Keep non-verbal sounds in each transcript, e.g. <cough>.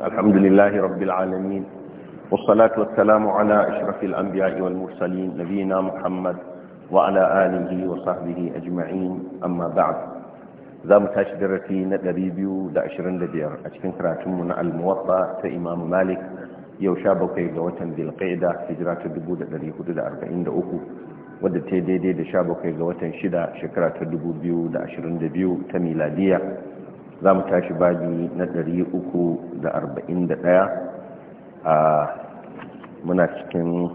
الرحيم الحمد لله رب العالمين والصلاة والسلام على أشرف الأنبياء والمرسلين نبينا محمد وعلى آله وصحبه أجمعين أما بعد ذا متاشدر في ندريبيو دا أشرين لدير أشكن كراتمنا الموطأ إمام مالك يوشابو كي لوتن ذي القعدة هجرات الدبودة دري حدود أربعين دا أكو wadda ta daidai da sha bakwai ga watan shida shekara ta dubu biyu da ashirin da biyu ta miladiya za mu tashi baji na 341 a muna cikin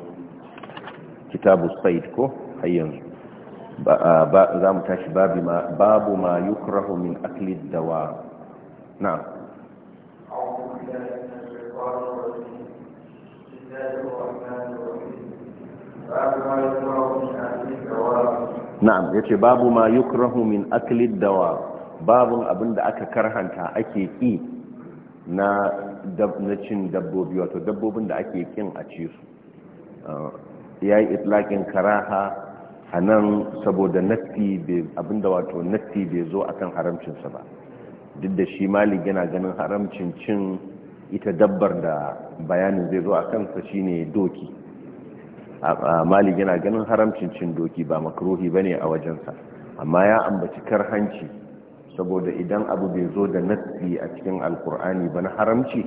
kitabu said ko har za mu tashi babu ma yukrahu min akli dawa na نعم yace babu ma yukrahu min akli dawa babun abin da aka karhanta ake ƙi na cin dabbobi wato dabbobin da ake ƙin a ci su uh, ya yi itlakin karaha a nan saboda natti abin wato natti bai zo akan haramcinsa ba duk da shi mali gina ganin haramcin cin ita dabbar da bayanin zai zo a kansa shine doki mali yana ganin haramcin cin doki ba makarohi ba ne a wajensa amma ya ambaci karhanci saboda idan abu bai zo da nassi a cikin alkur'ani ba na haramci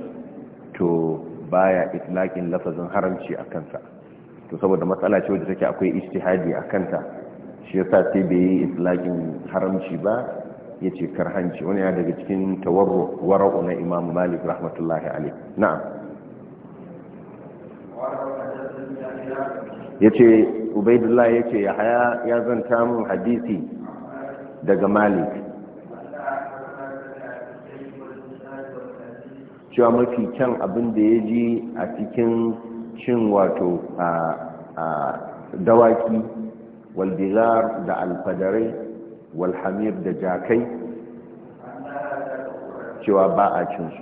to baya itlaƙin lafazin haramci a kansa to saboda matsala ce wadda take akwai ijtihadi a kanta shi yasa sai bai yi itlaqin haramci ba ya ce karhanci wani ya daga cikin tawarru wara'u na imam malik rahmatullahi alaihi na'am ya ce yace ya ya ya zanta mun hadisi daga malik cewa mafi kyan abin da ya ji a cikin cin wato a dawaki walbizar da alfadarai walhamir da jakai cewa ba a cin su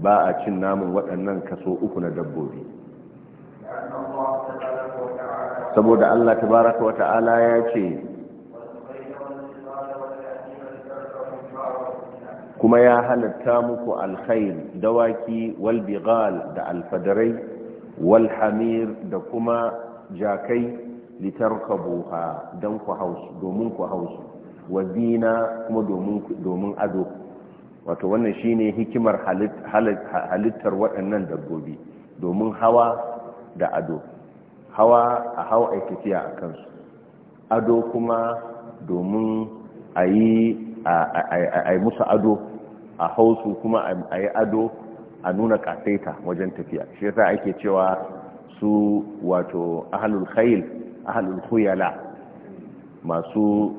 ba a cin namun waɗannan kaso uku na dabbobi saboda allah tabaraka wa ta'ala ya ce kuma ya halatta muku alkhair dawaki wal da alfadarai wal hamir da kuma jakai litarkabuha don ku hausu domin ku hausu wa zina kuma domin ado wato wannan shine hikimar halittar waɗannan dabbobi domin hawa da ado hawa a hau a a kansu ado kuma domin a yi musu ado a hausu kuma a yi ado a nuna kasaita wajen tafiya shi yasa ake cewa su wato ahalul khayl ahalul khuyala masu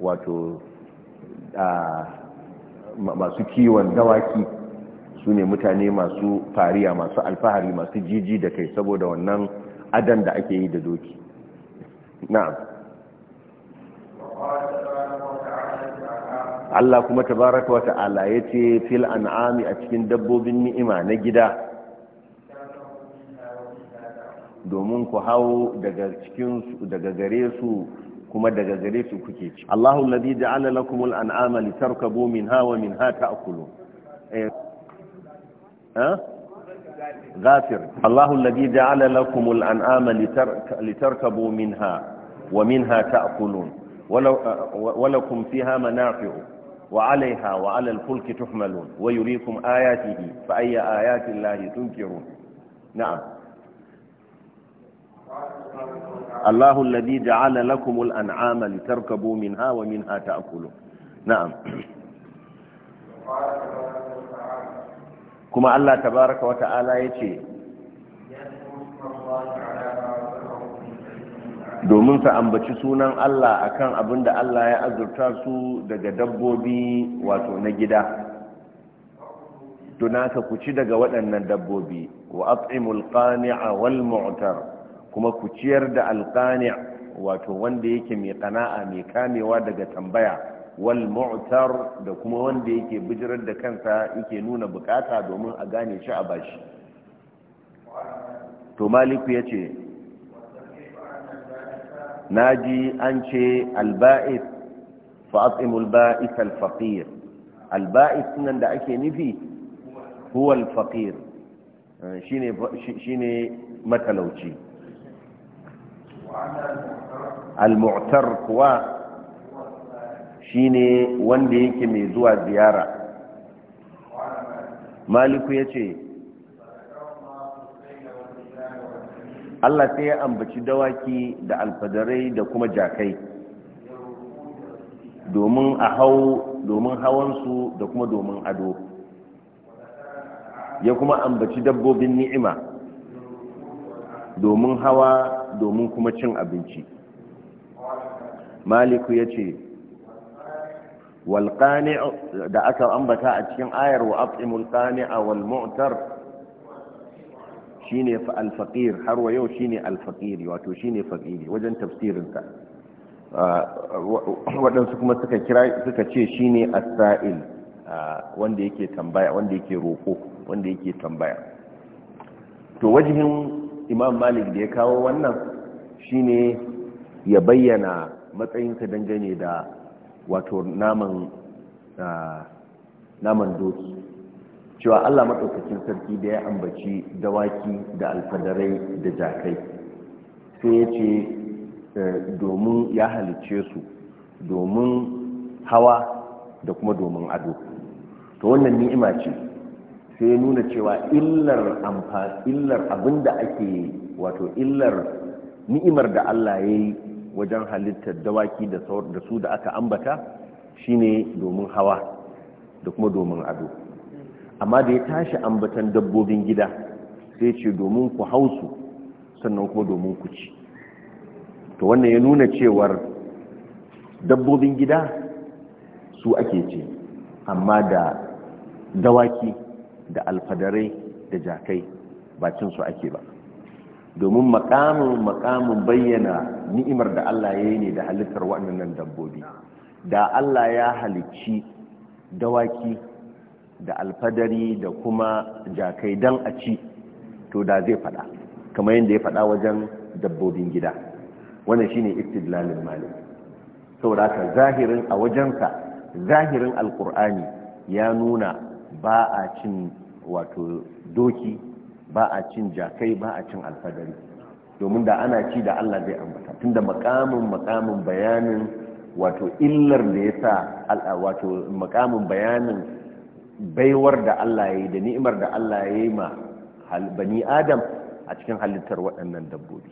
wato masu kiwon dawaki su ne mutane masu fariya masu alfahari masu jiji da kai saboda wannan adan da ake yi da doki na'am Allah kuma tabaraka wa ta'ala yace fil an'ami a cikin dabbobin ni'ima na gida domin ku hawo daga cikin daga gare su kuma daga gare su kuke ci Allahu alladhi ja'ala lakumul an'ama litarkabu minha wa minha ta'kulu eh ghafir غافر الله الذي جعل anama litarkabu minha wa minha ta'kulun ولو ولكم فيها منافع وعليها وعلى الفلك تحملون ويريكم آياته فأي آيات الله تنكرون نعم الله الذي جعل لكم الأنعام لتركبوا منها ومنها تأكلون نعم كما الله تبارك وتعالى يتشي domin ka ambaci sunan Allah akan abin da Allah ya azurta su daga dabbobi wato na gida tunaka ku ci daga waɗannan dabbobi wa at'imul qani'a wal mu'tar kuma ku ciyar da alqani' wato wanda yake mai qana'a mai kamewa daga tambaya wal mu'tar da kuma wanda yake bijirar da kansa yake nuna bukata domin a gane shi a bashi to maliku yace naji an ce alba'is fa'atimul ba'is alfaqir alba'is nan da ake nufi huwa alfaqir shine shine matalauci al-mu'tar kuwa shine wanda yake mai zuwa ziyara maliku yace Allah sai ya ambaci dawaki da alfadarai da kuma jakai domin a hau domin hawansu da kuma domin ado ya kuma ambaci dabbobin ni'ima domin hawa domin kuma cin abinci maliku ya ce walƙani da aka ambata a cikin ayar wa afimul ƙani a walmu'tar shine fa al-faqir har wa yau shine al-faqiri wato shine faqiri wajen tafsirin ka. Ah, waɗansu kuma suka kira suka ce shine as-sa'il ah, wanda yake tambaya wanda yake roko wanda yake tambaya to wajihin imam malik da ya kawo wannan shine ya bayyana matsayinsa dangane da wato naman ah, naman doki cewa Allah maɗaukakin sarki da ya ambaci dawaki da alfadarai da jakai sai ya ce eh, domin ya halicce su domin hawa da kuma domin ado ta wannan ni'ima ce sai ya nuna cewa illar illar abin ake wato illar ni'imar da Allah ya yi wajen halittar dawaki da su da aka ambata shine domin hawa da kuma domin ado amma da ya tashi ambatan dabbobin gida sai ce domin ku hausu sannan kuma domin ku ci to wannan ya nuna cewar dabbobin gida su ake ce amma da dawaki da alfadarai da jakai ba cin su ake ba domin makamun makamin bayyana ni'imar da Allah ya yi ne da halittar waɗannan dabbobi da Allah ya halicci dawaki da alfadari da kuma jakai dan a ci to da zai fada kamar yadda ya fada wajen dabbobin gida wannan shine istidlalin malik saboda haka zahirin a wajensa zahirin alkur'ani ya nuna ba a cin wato doki ba a cin jakai ba a cin alfadari domin da ana ci da Allah zai ambata tunda makamin makamin bayanin wato illar da ya sa wato makamin bayanin baiwar da Allah ya yi da ni'imar da Allah ya yi ma bani adam a cikin halittar waɗannan dabbobi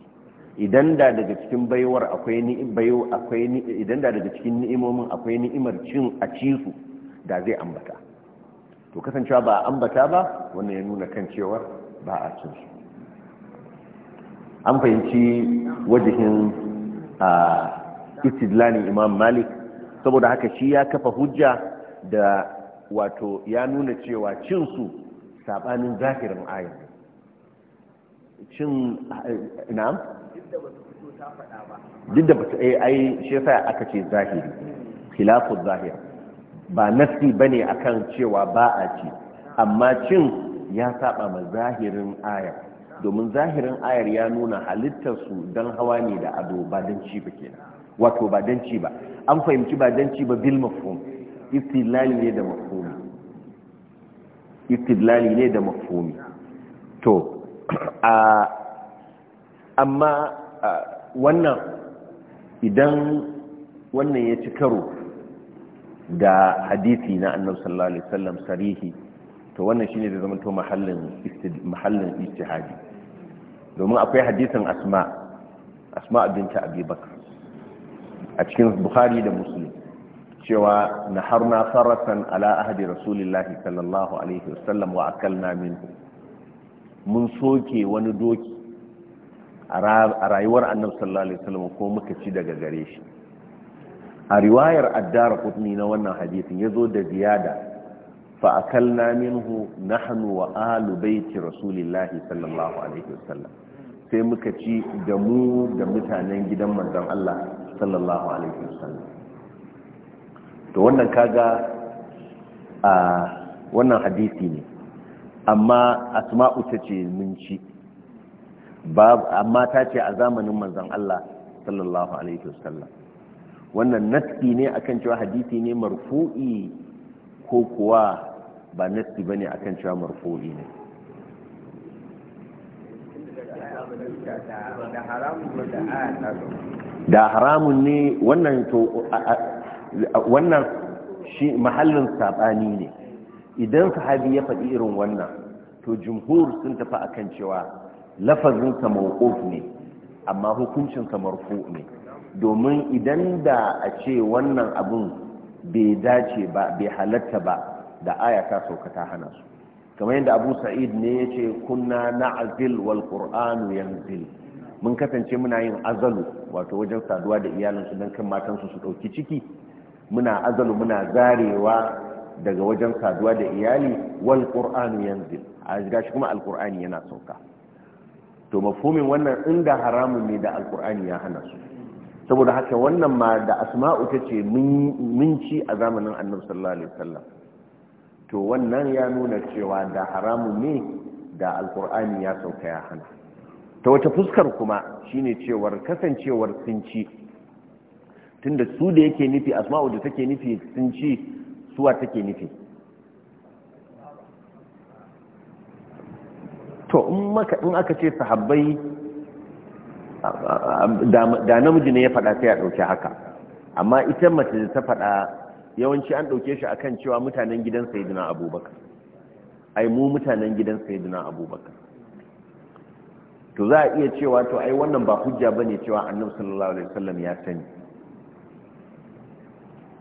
idan da daga cikin baiwar akwai akwai idan da daga cikin ni'imomin akwai ni'imar cin a da zai ambata to kasancewa ba a ambata ba wannan ya nuna kan cewa ba a cin su an fahimci wajihin a istidlani imam malik saboda haka shi ya kafa hujja da wato ya nuna cewa cinsu saɓanin zahirin aya cin na'am duk da bata eh, ai shi yasa aka ce zahiri khilafu zahir ba nasi bane akan cewa ba a ci amma cin ya saba ma zahirin aya domin zahirin ayar ya nuna halittar su dan hawa ne da ado ba dan ci ba kenan wato ba dan ci ba an fahimci ba dan ci ba bil mafhum istilali ne da mafhum istidlali ne da mafhumi to amma wannan idan wannan ya ci karo da hadisi na annabi sallallahu alaihi wasallam sarihi to wannan shine da zama to mahallin mahallin ijtihadi domin akwai hadisin asma asma abinta abi bakr a cikin bukhari da muslim cewa na har na faratan ala ahadi rasulillahi sallallahu alaihi wasallam wa akalna min mun soke wani doki a rayuwar annab sallallahu alaihi wasallam ko muka ci daga gare shi a riwayar addara kutni na wannan hadithin ya zo da ziyada fa akalna minhu nahnu wa ahlu baiti rasulillahi sallallahu alaihi wasallam sai muka ci da mu da mutanen gidan manzon Allah sallallahu alaihi wasallam to wannan kaga a wannan hadisi ne amma asma'u ta ce mun ci amma ta ce a zamanin manzon Allah sallallahu alaihi wasallam wannan nasi ne akan cewa hadisi ne marfu'i ko kuwa ba nasi bane akan cewa marfu'i ne da haramun ne wannan to wannan shi mahallin saɓani ne idan sahabi ya faɗi irin wannan to jumhur sun tafi akan cewa lafazinsa mawquf ne amma hukuncin hukuncinsa marfu ne domin idan da a ce wannan abun bai dace ba bai halatta ba da aya ta sauka hana su kamar yadda abu sa'id ne ya ce kunna na'azil wal qur'anu yanzil mun kasance muna yin azalu wato wajen saduwa da iyalinsu don kan matansu su ɗauki ciki muna azalu muna zarewa daga wajen saduwa da iyali wal qur'anu yanzil a gashi kuma alqur'ani yana sauka to mafhumin wannan inda haramun ne da alqur'ani ya hana su saboda haka wannan ma da asma'u tace mun ci a zamanin annabi sallallahu alaihi wasallam to wannan ya nuna cewa da haramun ne da alqur'ani ya sauka ya hana ta wata fuskar kuma shine cewar kasancewar sun tunda su da yake nufi asma'u da take nufi sun ci suwa take nufi to in aka ce sahabbai da namiji ne ya faɗa sai a dauke haka amma ita mace da ta faɗa yawanci an ɗauke shi akan cewa mutanen gidan sayidina abubakar ai mu mutanen gidan sayidina abubakar to za a iya cewa to ai wannan ba hujja bane cewa annabi sallallahu alaihi wasallam ya sani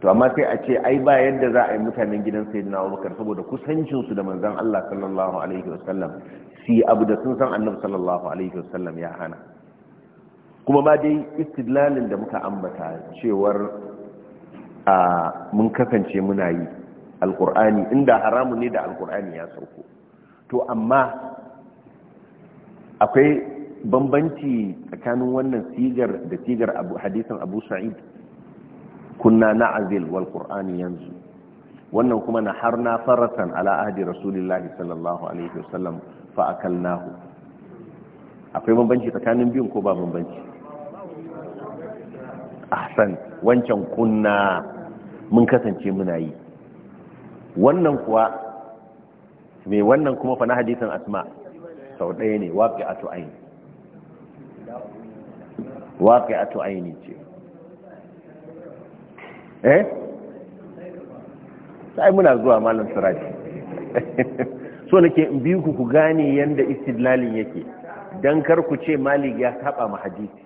to amma sai a ce ai ba yadda za a yi mutanen gidan sayyidina abubakar saboda kusancinsu da manzon Allah sallallahu alaihi wasallam si abu da sun san annabi sallallahu alaihi wasallam ya hana kuma ba dai istidlalin da muka ambata cewar a mun kasance muna yi alkur'ani inda haramun ne da alkur'ani ya sauko to amma akwai bambanci tsakanin wannan sigar da sigar hadisin abu sa'id kunna na'zil wal qur'ani yanzu wannan kuma na har na farasan ala ahdi rasulillahi sallallahu alaihi wasallam fa akalnahu akwai bambanci tsakanin biyun ko ba bambanci ahsan wancan kunna mun kasance muna yi wannan kuwa me wannan kuma fa na hadisan asma sau ɗaya ne waƙi a tu'aini waƙi a tu'aini ce eh sai muna zuwa malam siraji so nake in biyu ku gane yanda istidlalin yake dan kar ku ce malik ya saba ma hadisi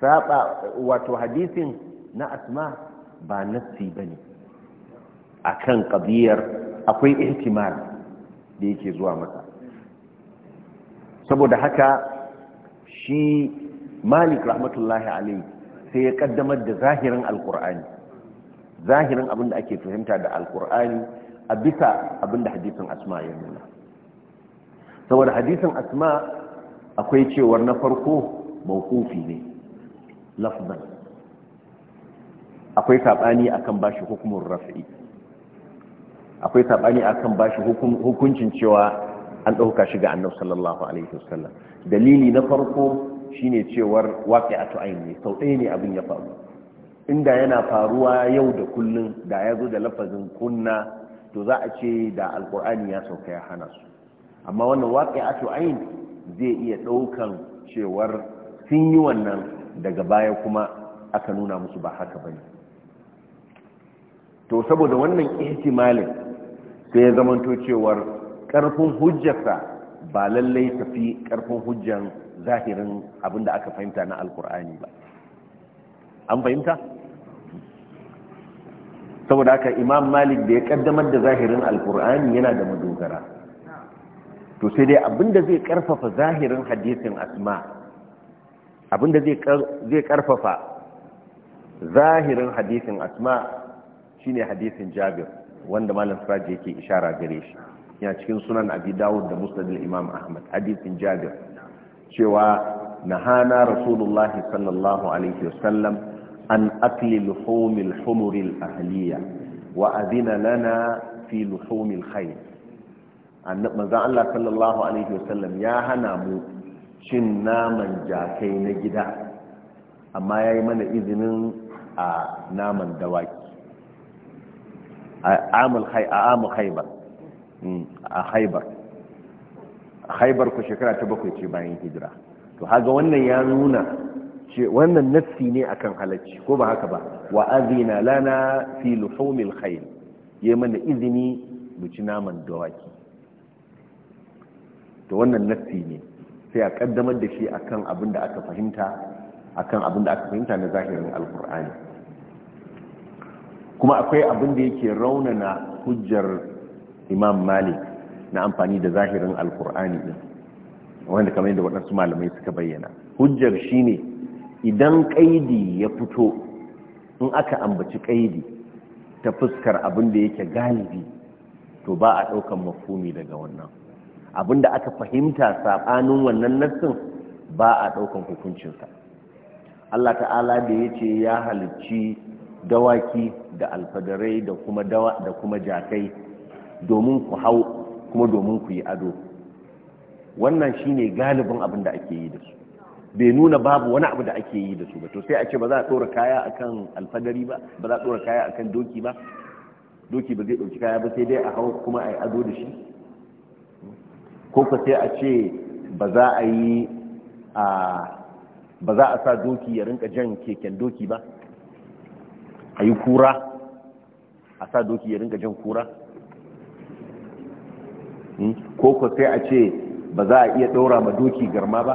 saba wato hadisin na asma ba nassi bane akan qadiyar akwai ihtimal da yake zuwa masa saboda haka shi malik rahmatullahi alaihi sai ya kaddamar da zahirin alkur'ani zahirin abin da ake fahimta da alkur'ani a bisa abin da hadisin asma ya nuna saboda hadisin asma akwai cewar na farko mawkufi ne lafzan akwai saɓani akan bashi hukumin rafi'i akwai saɓani akan bashi hukuncin cewa an ɗauka shi ga annabi sallallahu alaihi wasallam dalili na farko shine cewar a tu'ayin ne sau ɗaya ne abin ya faru inda yana faruwa yau da kullum da ya zo da lafazin kunna to za a ce da Alƙur'ani ya sauka ya hana su amma wannan a tu'ayin zai iya ɗaukan cewar sun yi wannan daga baya kuma aka nuna musu ba haka ba ne to saboda wannan ihtimalin sai ya zamanto cewar ƙarfin hujjarsa ba lallai tafi ƙarfin hujjan zahirin abin da aka fahimta na alkur'ani ba an fahimta saboda haka imam malik da ya kaddamar da zahirin alkur'ani yana da madogara to sai dai abinda zai karfafa zahirin hadisin asma abinda zai karfafa zahirin hadisin asma shine hadisin jabir wanda malam siraji yake ishara gare shi yana cikin sunan abi dawud da musnad imam ahmad hadisin jabir cewa nahana rasulullahi sallallahu alaihi wasallam an akli luhumil humuril ahliya wa adina lana fi luhumil khayr annabi Allah sallallahu alaihi wasallam ya hana mu cin naman jakai na gida amma ya yi mana izinin a naman dawaki a amul khaybar a haibar haibar ku shekara ta bakwai ce bayan hijira to haga wannan ya nuna ce wannan nassi ne akan halacci ko ba haka ba wa azina lana fi luhumil khayl yayi mana izini mu ci naman dawaki to wannan nassi ne sai a kaddamar da shi akan abin da aka fahimta akan abin da aka fahimta na zahirin alkur'ani kuma akwai abinda da yake raunana hujjar imam malik na amfani da zahirin alkur'ani din wanda kamar yadda waɗansu malamai suka bayyana hujjar shi ne, idan ƙaidi ya fito in aka ambaci ƙaidi ta fuskar abin da yake galibi to ba a ɗaukan mafumi daga wannan abin da aka fahimta saɓanin wannan nassin ba a ɗaukan hukuncinsa Allah ta'ala da ya ce ya halicci dawaki da alfadarai da kuma jakai domin ku hau kuma domin ku yi ado wannan shine galibin abin da ake yi da su bai nuna babu wani abu da ake yi da su ba to sai a ce ba za a tsora kaya kan alfadari ba ba za a tsora kaya akan doki ba doki ba zai dauki kaya ba sai dai a hau kuma a yi ado da shi ko ka sai a ce ba za a yi a ba za a sa doki ya rinka jan keken doki ba a yi kura a sa doki ya rinka jan kura Hmm? ko ko sai a ce ba za a iya ɗora ma doki garma ba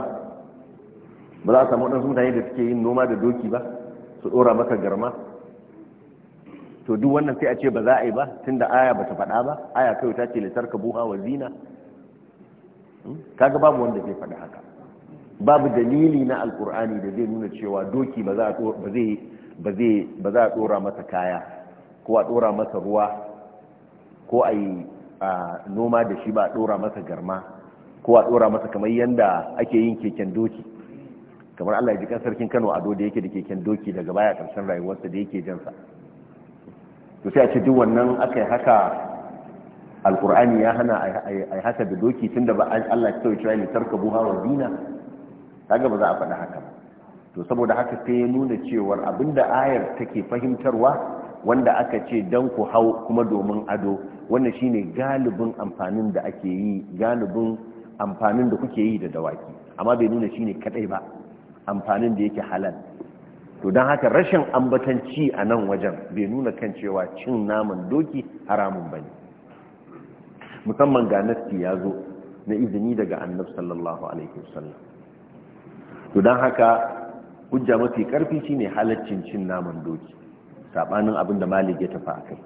ba za a samu ɗansu mutane da suke yin noma da doki ba su ɗora maka garma to duk wannan sai a ce ba za a yi ba tun da aya ba ta faɗa ba aya kai ta ce litar ka buha wa zina hmm? kaga babu wanda zai faɗa haka babu dalili na alkur'ani da zai nuna cewa doki ba za a ɗora masa kaya ko a ɗora masa ruwa ko a yi a noma da shi ba a ɗora masa garma ko a ɗora masa kamar yadda ake yin keken doki kamar allah ji sarkin kano ado da yake da keken doki daga baya ƙarshen rayuwarsa da yake jansa to sai a ce duk wannan aka yi haka alkur'ani ya hana a haka da doki tun da ba allah ya kawai cewa ne tarka buha wa dina ta gaba za a faɗi haka to saboda haka sai ya nuna cewar abinda ayar take fahimtarwa wanda aka ce don ku hau kuma domin ado wannan shine galibin amfanin da ake yi galibin amfanin da kuke yi da dawaki amma bai nuna shine kadai ba amfanin da yake halal to don haka rashin ambatanci a nan wajen bai nuna kan cewa cin naman doki haramun bane musamman ga nasti ya zo na izini daga annab sallallahu alaihi wasallam to don haka hujja mafi karfi shine halaccin cin naman doki sabanin abin da malik ya tafi akai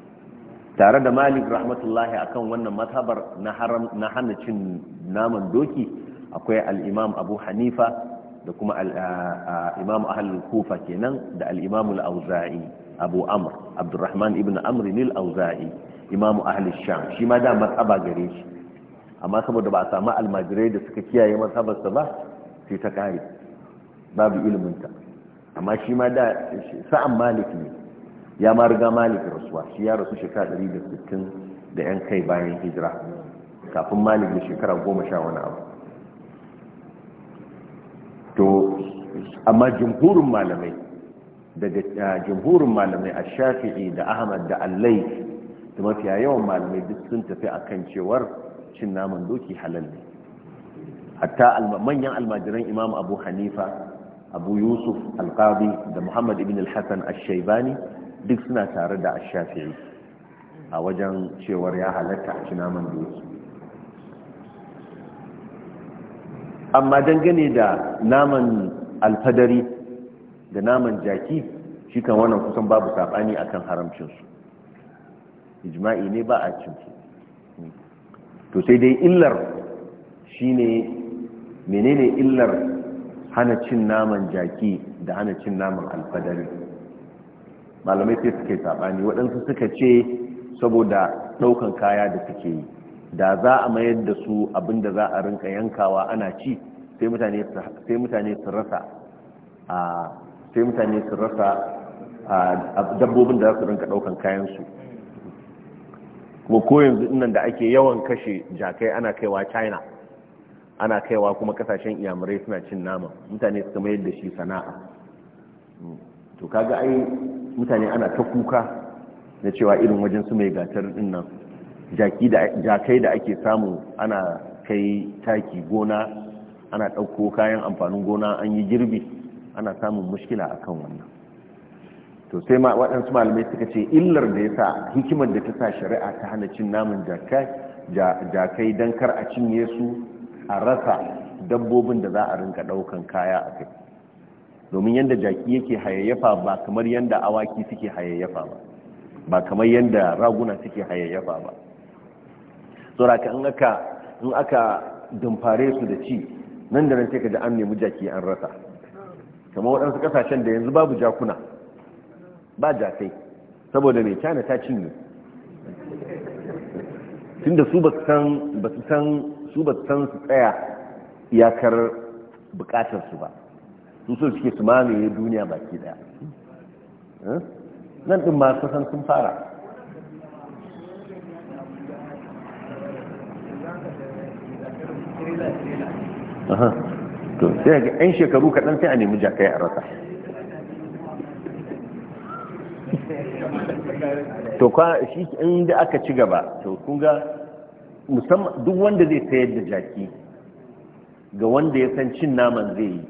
tare da malik rahmatullahi akan wannan mazhabar na haram na hana cin naman doki akwai al-imam abu hanifa da kuma al-imam kufa kenan da al-imam al-auza'i abu amr abdurrahman ibn amr al-auza'i imam ahlul sham shi ma da mazhaba gare shi amma saboda ba a samu almajirai da suka kiyaye mazhabarsa ba sai ta kare babu iliminta amma shi ma da sa'an malik ne ya ma riga malik rasuwa shi ya rasu shekara 160 da yan kai bayan hijira kafin malik da shekara goma sha wani abu to amma jumhurin malamai daga jumhurin malamai a shafi'i da ahmad da allai da mafiya yawan malamai duk sun tafi akan cewar cin naman doki halal ne hatta manyan almajiran imam abu hanifa abu yusuf alqadi da muhammad ibn al-hassan al-shaibani duk suna tare da ashafi'i a wajen cewar ya halatta a cinaman doki amma dangane da naman alfadari da naman jaki shi kan wannan kusan babu saɓani akan haramcinsu ijma'i ne ba a cinsu to sai dai illar shine menene illar hana cin naman jaki da hana cin naman alfadari malamai sai suke sabani saɓani waɗansu suka ce saboda ɗaukan kaya da suke yi da za a mayar da su abin da za a rinka yankawa ana ci sai mutane su rasa sai mutane su rasa dabbobin da za su rinka ɗaukan kayansu kuma ko yanzu nan da ake yawan kashe jakai ana kaiwa china ana kaiwa kuma kasashen iyamurai suna cin nama mutane suka mayar da shi sana'a hmm. to kaga ai mutane ana ta kuka na cewa irin wajen su mai gatar dinnan, jakai da ake samu ana kai taki gona ana ɗauko kayan amfanin gona an yi girbi ana samun mushkila akan wannan to sai ma waɗansu malamai suka ce illar da ya sa hikimar da ta sa shari'a ta hana cin namun jakai don kar a cinye su a rasa dabbobin da za a rinka ɗaukan kaya a kai domin yadda jaki yake hayayyafa ba kamar yadda awaki suke hayayyafa ba ba kamar yadda raguna suke hayayyafa ba tsoraka in aka in aka dumfare su da ci nan da nan sai ka ji an nemi jaki an rasa kamar waɗansu kasashen da yanzu babu jakuna ba jakai saboda mai cana ta cinye tun da su ba su san su tsaya iyakar bukatarsu ba su so suke su mamaye duniya baki daya eh? nan din masu san sun fara to sai ga 'yan shekaru kaɗan sai a nemi jakai a rasa to kwa shi inda aka ci gaba to kun ga musamman duk wanda zai sayar da jaki ga wanda ya san cin naman zai yi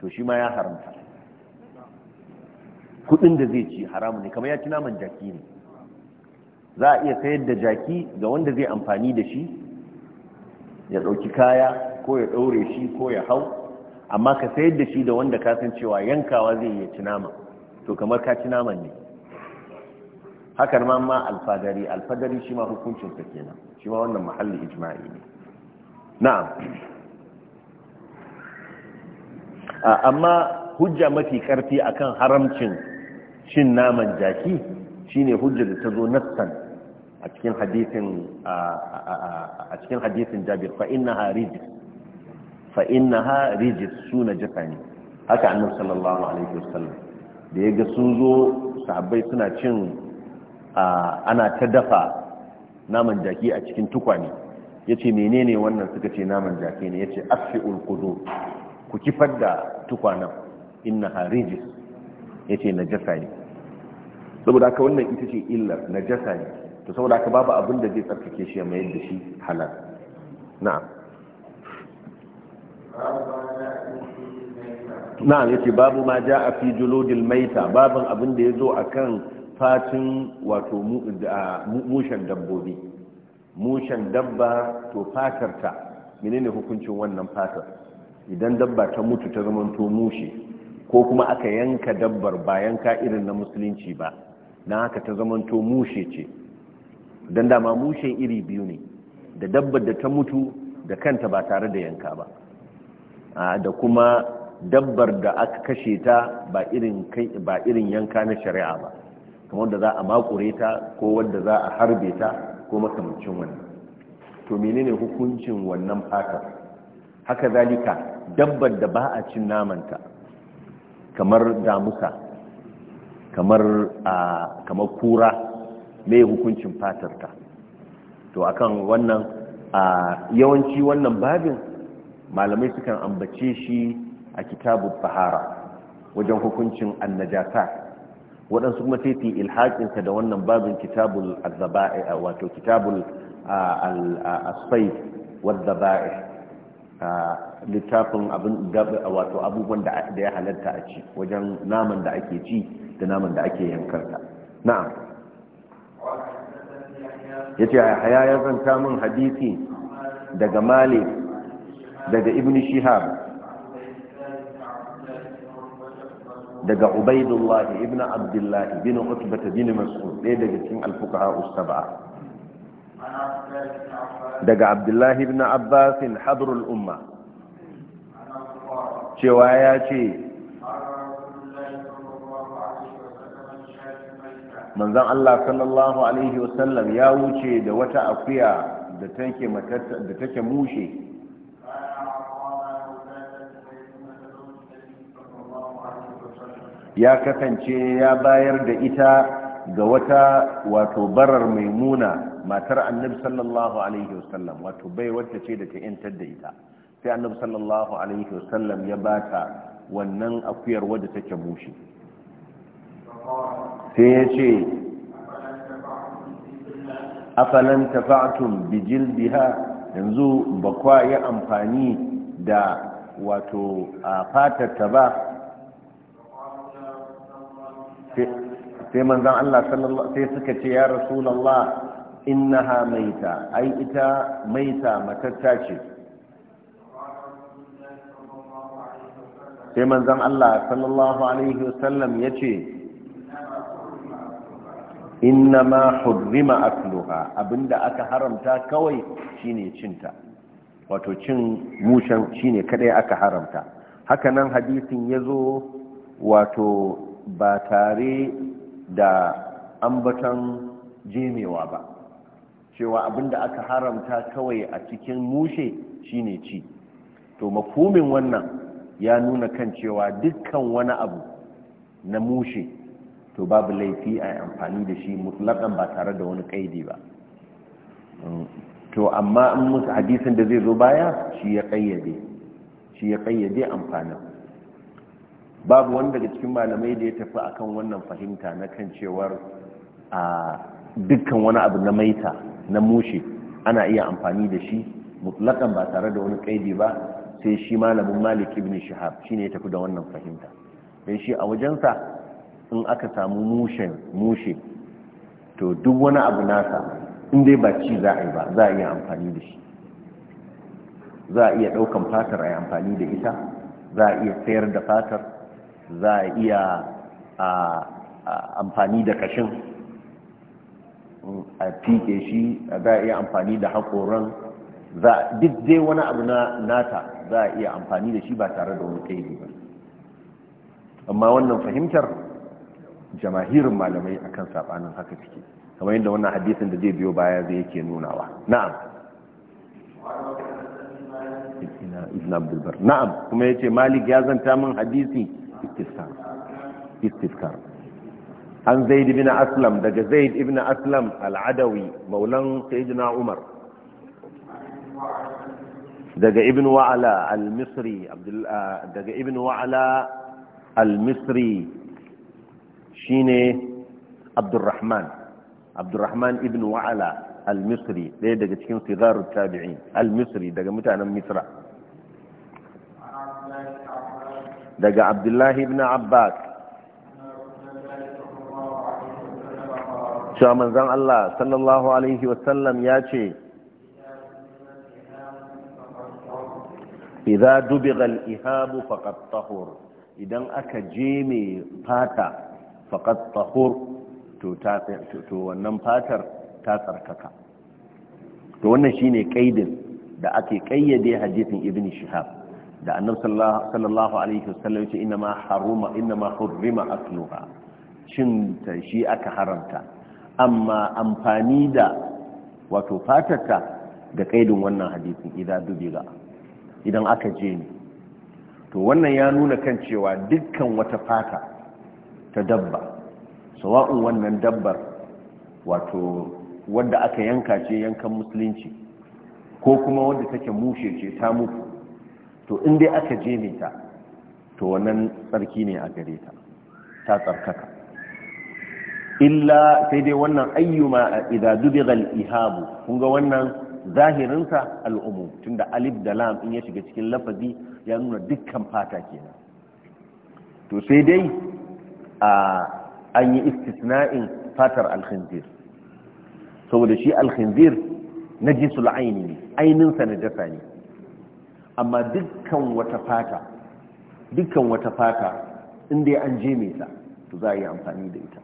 to shi ma ya haramta kudin da zai ci haramu ne kamar ya ci naman jaki ne za a iya sayar da jaki ga wanda zai amfani da shi ya ɗauki kaya ko ya ɗaure shi ko ya hau amma ka sayar da shi da wanda kasan cewa yankawa zai iya ci nama to kamar ka ci naman ne hakan ma ma alfadari alfadari shi ma hukuncinsa kenan shi ma wannan mahalli ijma'i ne na'am amma hujja mafi karfi akan haramcin cin naman jaki shine hujja da ta zo nassan a cikin hadisin a cikin hadisin Jabir fa rijis fa jafani haka annabi sallallahu alaihi wasallam da yaga sun zo sahabbai suna cin ana ta dafa naman jaki a cikin tukwane yace menene wannan suka ce naman jaki ne yace afi qudud ku kifar da tukwanan inna harijis ya ce jasa ne saboda haka wannan ita ce illar na jasa ne to saboda haka babu abin da zai tsarkake shi ya mayar da shi halar na'am na'am yace babu ma a fi juludil maita babin abin da a kan fatin wato mushen dabbobi mushen dabba to fatarta menene hukuncin wannan fatar idan dabba ta mutu ta zamanto mushe ko kuma aka yanka dabbar ba yanka irin na musulunci ba na haka ta zamanto mushe ce don dama mushe iri biyu ne da dabbar da ta mutu da kanta ba tare da yanka ba a da kuma dabbar da aka kashe ta ba irin yanka na shari'a ba kamar da za a makure ta ko wadda za a harbe ta ko makamancin wannan to menene hukuncin wannan fatar haka zalika dabbar da ba a cin namanta kamar damusa kamar a kamar kura mai hukuncin fatarta to akan wannan a yawanci wannan babin malamai sukan ambace shi a kitabu fahara wajen hukuncin annajasa waɗansu kuma sai ilhaƙinsa da wannan babin kitabul azzaba'i wato kitabul al-asfai wadzaba'i littafin abin wato abubuwan da ya halatta a ci wajen naman da ake ci da naman da ake yankarta na'am ya ce haya ya zanta min hadisi daga malik daga ibn shihab daga ubaidullahi ibn abdullahi bin utbata bin mas'ud ɗaya daga cikin alfuqaha ustaba'a daga abdullahi ibn abbasin habrul umma cewa ya ce manzan Allah sallallahu alaihi wasallam ya wuce da wata akuya da take mushe ya kasance ya bayar da ita ga wata wato barar maimuna matar annabi sallallahu alaihi wasallam wato bai wacce ce da ta yantar da ita sai annabi sallallahu alaihi wasallam ya wannan akuyar wadda take bushe sai ya ce afalan tafa'tum bijil jildiha yanzu ba kwa yi amfani da wato a fatar ta ba sai manzan Allah sallallahu sai suka ce ya rasulullah innaha maita ai ita maita matatta ce sai manzan Allah sallallahu alaihi wasallam yace inna ma hurrima akluha abinda aka haramta kawai shine cinta wato cin mushen shine kadai aka haramta hakanan hadisin yazo wato ba tare da batan jemewa ba cewa abinda aka haramta kawai a cikin mushe shine ci to makumin wannan ya nuna kan cewa dukkan wani abu na mushe to babu laifi a amfani da shi mutlaƙan ba tare da wani ƙaidi ba mm, to amma in musu hadisin da zai zo baya shi ya ƙayyade shi ya ƙayyade amfanin babu wani daga cikin malamai da ya tafi akan wannan fahimta na kan cewar a dukkan wani abu na maita na mushe ana iya amfani da shi mutlakan ba tare da wani kaidi ba sai shi malamin malik ibn shahab shine ya tafi da wannan fahimta dan shi a wajensa in aka samu mushen mushe to duk wani abu nasa in dai ba ci za a yi ba za a iya amfani da shi za a iya ɗaukan fatar a yi amfani da ita za a iya sayar da fatar za a iya amfani da kashin a fike shi za a iya amfani da za duk dai wani abu na nata za a iya amfani da shi ba tare da wani ƙaidi ba amma wannan fahimtar jamahirin malamai akan saɓanin haka ciki kamar yadda wannan hadisin da zai biyo baya zai yake nunawa na'am na'am kuma ya ce malik ya zanta min hadisi istifkar istifkar an zaid ibn aslam daga zaid ibn aslam al'adawi maulan sayyidina umar daga ibn wa'ala al-misri uh, daga ibn wa'ala al-misri shine abdurrahman abdurrahman ibn wa'ala al-misri ɗaya daga cikin sigarar tabi'in al-misri daga mutanen misra daga abdullahi ibn abbas cewa manzan Allah sallallahu alaihi wasallam ya ce idan dubiga al-ihabu faqad tahur idan aka je mai fata faqad tahur to ta to wannan fatar ta tsarkaka to wannan shine kaidin da ake kayyade hadisin ibn shihab da annabi sallallahu alaihi wasallam yace inna haruma hurrima akluha cin ta shi aka haramta amma amfani da wato fatata da kaidin wannan hadisin idza dubiga idan aka je ni. to wannan ya nuna kan cewa dukkan wata fata ta dabba sawa'un wannan dabbar wato wadda aka yanka ce yankan musulunci ko kuma wadda take mushe ce ta mutu to in dai aka jefe ta to wannan tsarki ne a gare ta ta tsarkaka illa sai dai wannan ayyuma idan dubigal ihabu kunga wannan zahirinsa al'umu tunda alif da lam in ya shiga cikin lafazi ya nuna dukkan fata kenan to sai dai a an yi istisna'in fatar alkhinzir saboda shi alkhinzir najisul aini ne ainin na ne amma dukkan wata fata dukkan wata fata inda an je mai ta to za a yi amfani da ita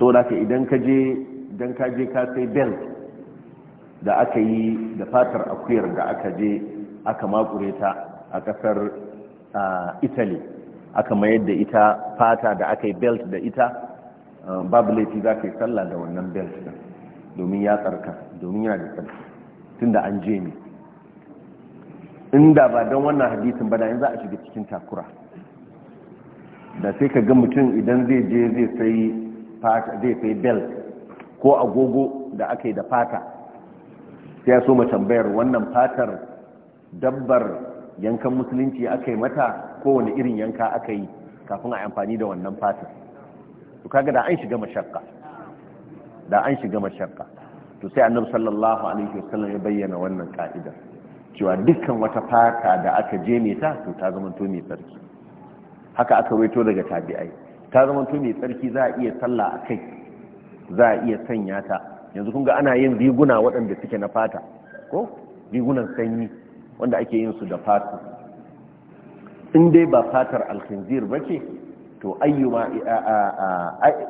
so da ka idan ka je idan ka je ka sai belt da aka yi da fatar akuyar da aka je aka makure ta a kasar italy aka mayar da ita fata da aka yi belt da ita babu laifi za ka yi sallah da wannan belt domin ya tsarka domin yana da tsarki tun da an je inda ba don wannan hadisin ba da yin za a shiga cikin takura da sai ka ga mutum idan zai je zai sai fata bel ko agogo da aka yi da fata sai ya so mu tambayar wannan fatar dabbar yankan musulunci aka yi mata kowane irin yanka aka yi kafin a amfani da wannan fatar to kaga da an shiga mashakka da an shiga mashakka to sai annabi sallallahu alaihi wasallam ya bayyana wannan ka'idar cewa dukkan wata fata da aka je ta to ta zama mai tsarki haka aka waito daga tabi'ai ta zama mai tsarki za a iya sallah a kai za a iya sanya ta yanzu kunga ana yin riguna waɗanda suke na fata ko rigunan sanyi wanda ake yin su da fata in dai ba fatar alkhinzir ba ce to ayyuma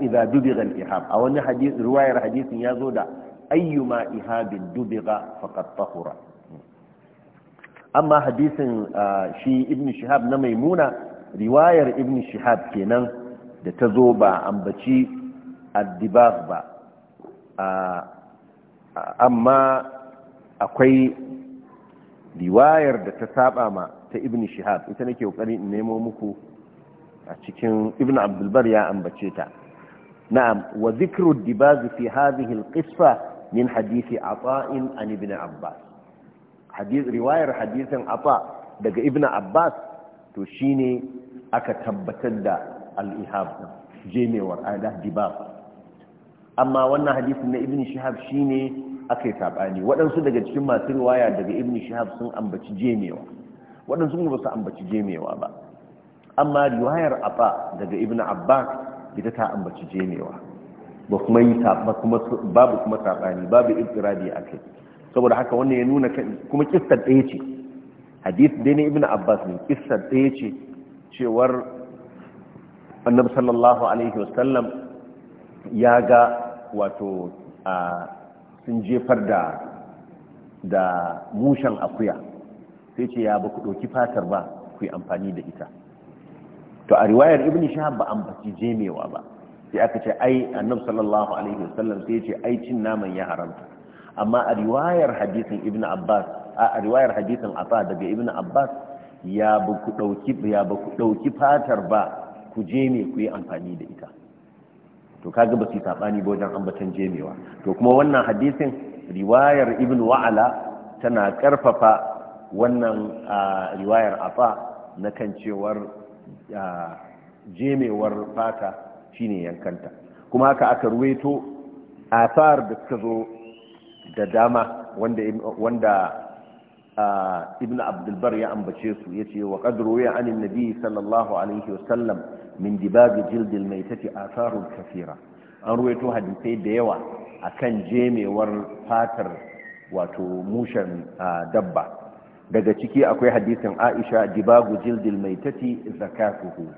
idza dubiga al-ihab a wani hadisi riwayar hadisin ya zo da ayyuma ihabin dubiga faqad tahura amma hadisin shi ibn shihab na maimuna riwayar ibn shihab kenan da ta zo ba ambaci addibag ba amma akwai riwayar da ta saba ma ta ibn shihab ita nake kokari in nemo muku a cikin ibn abdulbar ya ambace ta na'am wa zikru dibaz fi hadhihi alqissa min hadisi ata'in an ibn abbas hadith riwayar hadisin afa daga ibn abbas to shine aka tabbatar da al-ihab jemewar ada dibab amma wannan hadisin na ibn shihab shine aka yi sabani waɗansu daga cikin masu riwaya daga ibn shihab sun ambaci jemewa waɗansu ba su ambaci jemewa ba amma riwayar afa daga ibn abbas ita ta ambaci jemewa ba kuma yi babu kuma sabani babu ibtirabi akai saboda haka wannan ya nuna kuma kissar ɗaya ce hadith dai ne ibn abbas ne kissar ɗaya ce cewar annabi sallallahu alaihi wasallam ya ga wato a sun jefar da da mushen akuya sai ce ya ba ku ɗauki fatar ba ku yi amfani da ita to a riwayar ibn shahab ba baci jemewa ba sai aka ce ai annabi sallallahu alaihi wasallam sai ce ai cin naman ya haramta amma a riwayar hadisin ibn abbas a riwayar hadisin afa daga ibn abbas ya ba ku dauki ya ba ku dauki fatar ba ku je ne ku yi amfani da ita to kaga ba su sabani ba wajen ambatan jemewa to kuma wannan hadisin riwayar ibn wa'ala tana karfafa wannan riwayar afa na kan cewar jemewar fata shine yankanta kuma haka aka ruwaito asar da suka zo da dama wanda wanda ibn abdulbar ya ambace su ya ce wa ƙadro ya anin nabi sallallahu alaihi wasallam min dibabi jildil mai tafi a tsarin kafira an ruwaito hadisai da yawa akan jemewar fatar wato mushen dabba daga ciki akwai hadisin aisha dibagu jildil mai tafi zakatuhu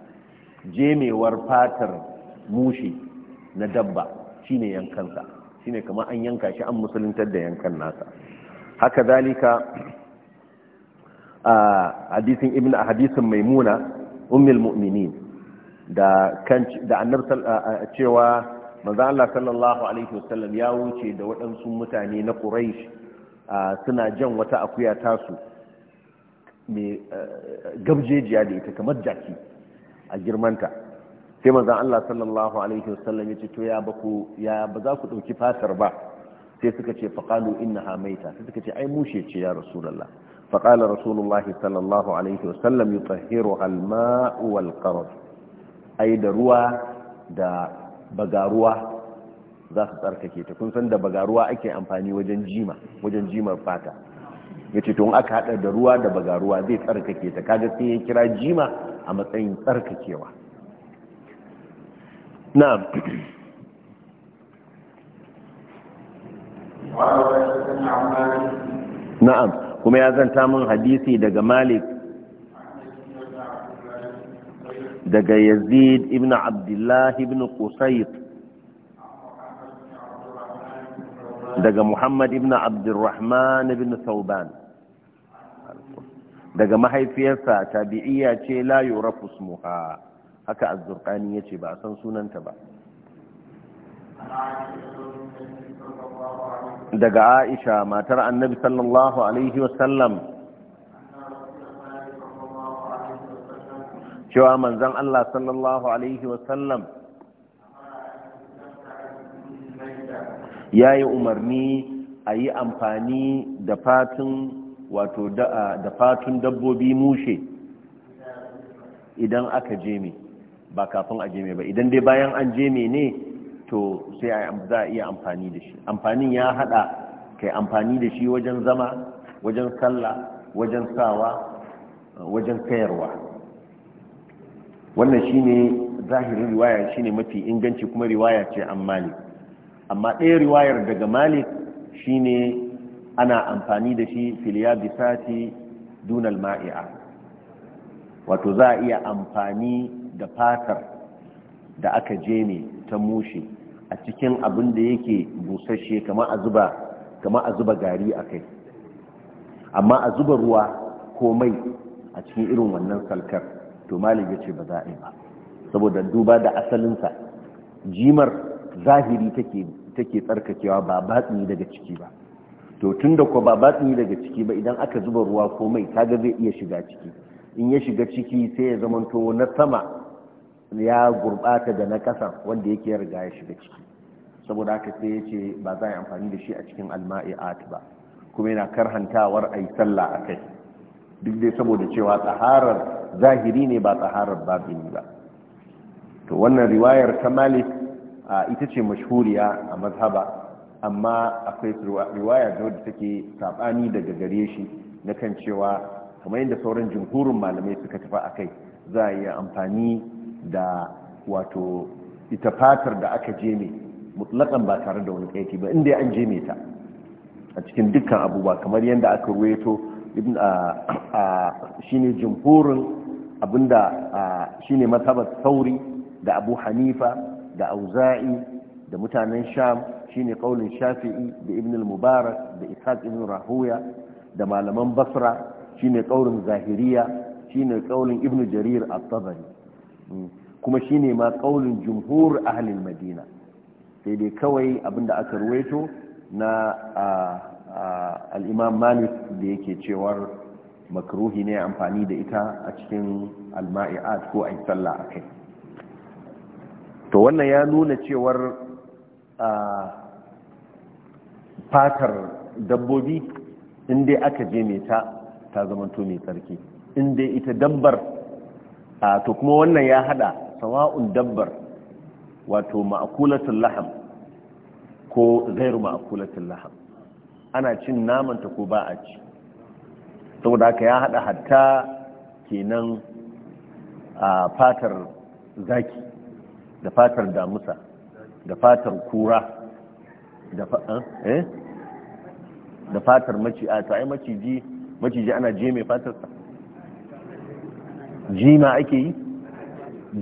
jemewar fatar mushi na dabba shine yankansa shine kamar an yanka shi an musuluntar da yankan nasa haka zalika a hadisin ibn a hadisin maimuna ummul mu'minin da kan da annab cewa manzo Allah sallallahu alaihi wasallam ya wuce da waɗansu mutane na quraish suna jan wata akuya tasu mai gabjejiya da ita kamar jaki a girmanta sai manzon Allah sallallahu alaihi wasallam yace to ya ku ya ba za ku dauki fatar ba sai suka ce faqalu innaha maita sai suka ce ai mushe ce ya rasulullah faqala rasulullah sallallahu alaihi wasallam yutahhiruha al-ma'u wal qarad ai da ruwa da bagaruwa za su tsarkake ta kun san da bagaruwa ake amfani wajen jima wajen jimar fata ya ce tun aka haɗa da ruwa da bagaruwa zai tsarkake ta kaga sai ya kira jima a matsayin tsarkakewa na'am kuma ya zanta min hadisi daga malik daga yazid ibn abdullah ibn qusayt daga muhammad ibn abdurrahman ibn sauban daga mahaifiyarsa tabi'iyya ce la yurafu smuha haka ya ce ba a san sunanta ba daga Aisha matar Annabi sallallahu alaihi wasallam cewa manzan Allah sallallahu alaihi wasallam yi umarni a yi amfani da fatun wato da fatun dabbobi mushe idan aka je mai ba kafin a jeme ba idan dai bayan an jeme ne to sai za a iya amfani da shi amfanin ya hada kai amfani da shi wajen zama wajen sallah wajen sawa wajen kayarwa wannan shine zahirin riwaya shine mafi inganci kuma riwaya ce an malik amma ɗaya riwayar daga malik shine ana amfani da shi filiya bisati dunal ma'i'a wato za a iya amfani da fatar da aka je ne ta mushe a cikin abin da yake busasshe kama a zuba kama a zuba gari a kai amma a zuba ruwa komai a cikin irin wannan salkar to malik ya ce ba za a yi ba saboda duba da asalinsa jimar zahiri take tsarkakewa ba batsi daga ciki ba to tun da ko ba batsi daga ciki ba idan aka zuba ruwa ko mai kaga zai iya shiga ciki in ya shiga ciki sai ya zamanto na sama ya gurɓata da na ƙasa wanda yake riga ya shiga ciki saboda haka sai ya ce ba za a yi amfani da shi a cikin alma'i alma'i'at ba kuma yana karhantawar a yi sallah a kai duk dai saboda cewa tsaharar zahiri ne ba tsaharar babini ba to wannan riwayar ta malik ita ce mashuriya a mazhaba amma akwai riwaya da wadda take saɓani daga gare shi na kan cewa kamar yadda sauran jumhurin malamai suka tafi a kai za a yi amfani da wato ita fatar da aka je mai mutlakan ba tare da wani kaiti ba inda an je mai ta a cikin dukkan abubuwa kamar yadda aka ruweto shine jimhurin abinda shine matabar sauri da abu hanifa da auza'i da mutanen sham shine ƙaunin shafi'i da ibn mubarak da isaac ibn rahuya da malaman basra shine ƙaunin zahiriya shine ƙaunin ibn jarir al tabari kuma shine ma kaulin jumhur ahlil madina sai dai kawai abinda aka ruwaito na al-imam malik da yake cewar makruhi ne amfani da ita a cikin al-ma'i'at ko a sallah akai to wannan ya nuna cewar fatar dabbobi in aka je mai ta ta zamanto mai tsarki in ita dabbar a to kuma wannan ya hada sawa'un dabbar wato ma'akulatul laham ko zairu ma'akulatul laham ana cin naman ta ko ba a ci saboda haka ya hada hatta kenan a fatar zaki da fatar damusa da fatar kura da eh, eh, fatar maci a ta'ai maciji maciji ana je mai sa. jima ake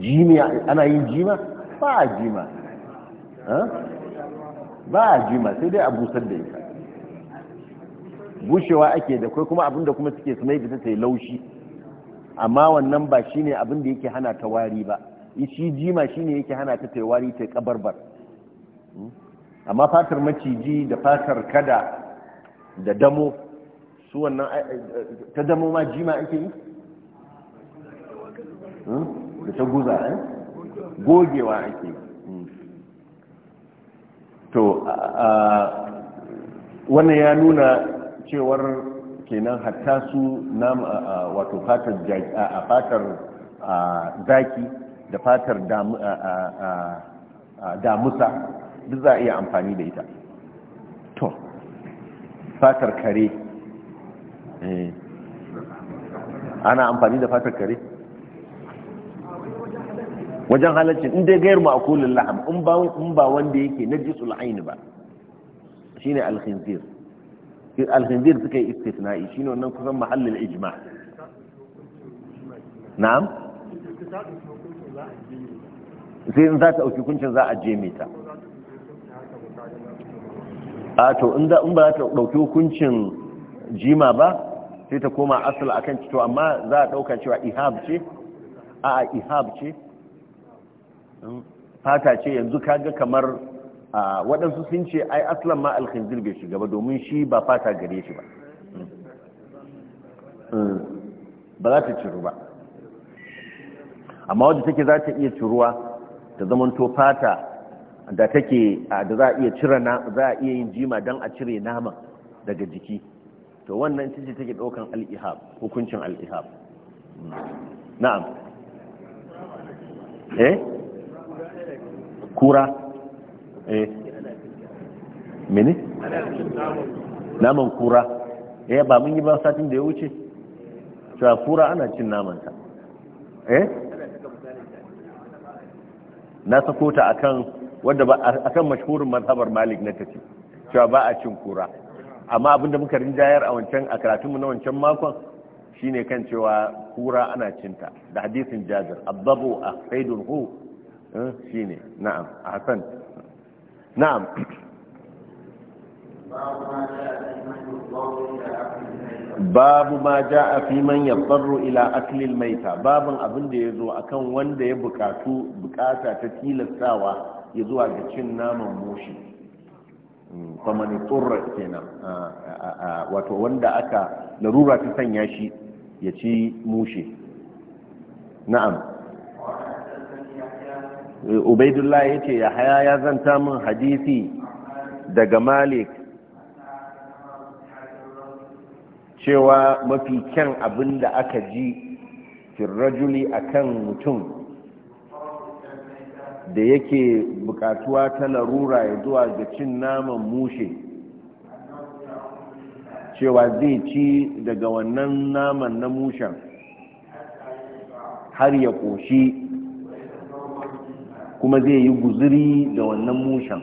yi ana yin jima ba a jima ba a jima sai dai a busar da ita bushewa ake da kai kuma abinda kuma suke su mai ta sai laushi amma wannan ba shine abin da yake hana ta wari ba shi jima shine yake hana ta ta wari ta kabarbar hmm? amma fatar maciji da fatar kada da damo su wannan ta damo ma jima ake yi Hmm? da ta guza eh? gogewa ake hmm. to wannan ya nuna cewar kenan hatta su wato fatar a fatar zaki da fatar damusa duk za a iya amfani da ita to fatar kare eh. ana amfani da fatar kare wajen halarci in dai gayar ma'akulun laham in ba wanda yake na jisul aini ba shi ne alhinzir alhinzir suka yi istisna'i shi ne wannan kusan mahallin ijma na'am sai in za ta ɗauki kuncin za a je mita a to in ba za ta ɗauki hukuncin jima ba sai ta koma asal akan cito amma za a ɗauka cewa ihab ce a ihab ce fata ce yanzu kaga kamar waɗansu sun ce ai aslan ma alkhinzir bai shiga ba domin shi ba fata gare shi ba hmm. Hmm. ba za ta ciru ba amma wadda take za ta iya ciruwa ta to fata da take da za a iya cire na za a iya yin jima don a cire nama daga jiki to wannan ce take ɗaukan al'ihab hukuncin al'ihab hmm. na'am eh kura eh mene naman kura eh ba mun yi ba satin da ya wuce cewa kura ana cin naman ta, eh na sako ta akan wanda ba akan mashhurin mazhabar malik na tafi cewa ba a cin kura amma abinda muka rinjayar a wancan a karatunmu na wancan makon shine kan cewa kura ana cinta da hadisin jazir abbabu a ah, hu Eh, shi ne na'am a hassan na'am babu ma ja a fi man yabbarru ila aklil maita babin abin da ya zo akan wanda ya bukatu bukata ta tilastawa ya zuwa ga cin naman moshi kwamani hmm, turra kenan wato wanda aka larura ta sanya shi ya ci mushe na'am ubaidullah ya ce ya haya ya zanta min hadisi daga malik cewa mafi kyan abin da aka ji firrajuli a kan mutum da yake bukatuwa ta larura ya zuwa ga cin naman mushe cewa zai ci daga wannan naman na mushen har ya ƙoshi kuma zai yi guzuri da wannan mushen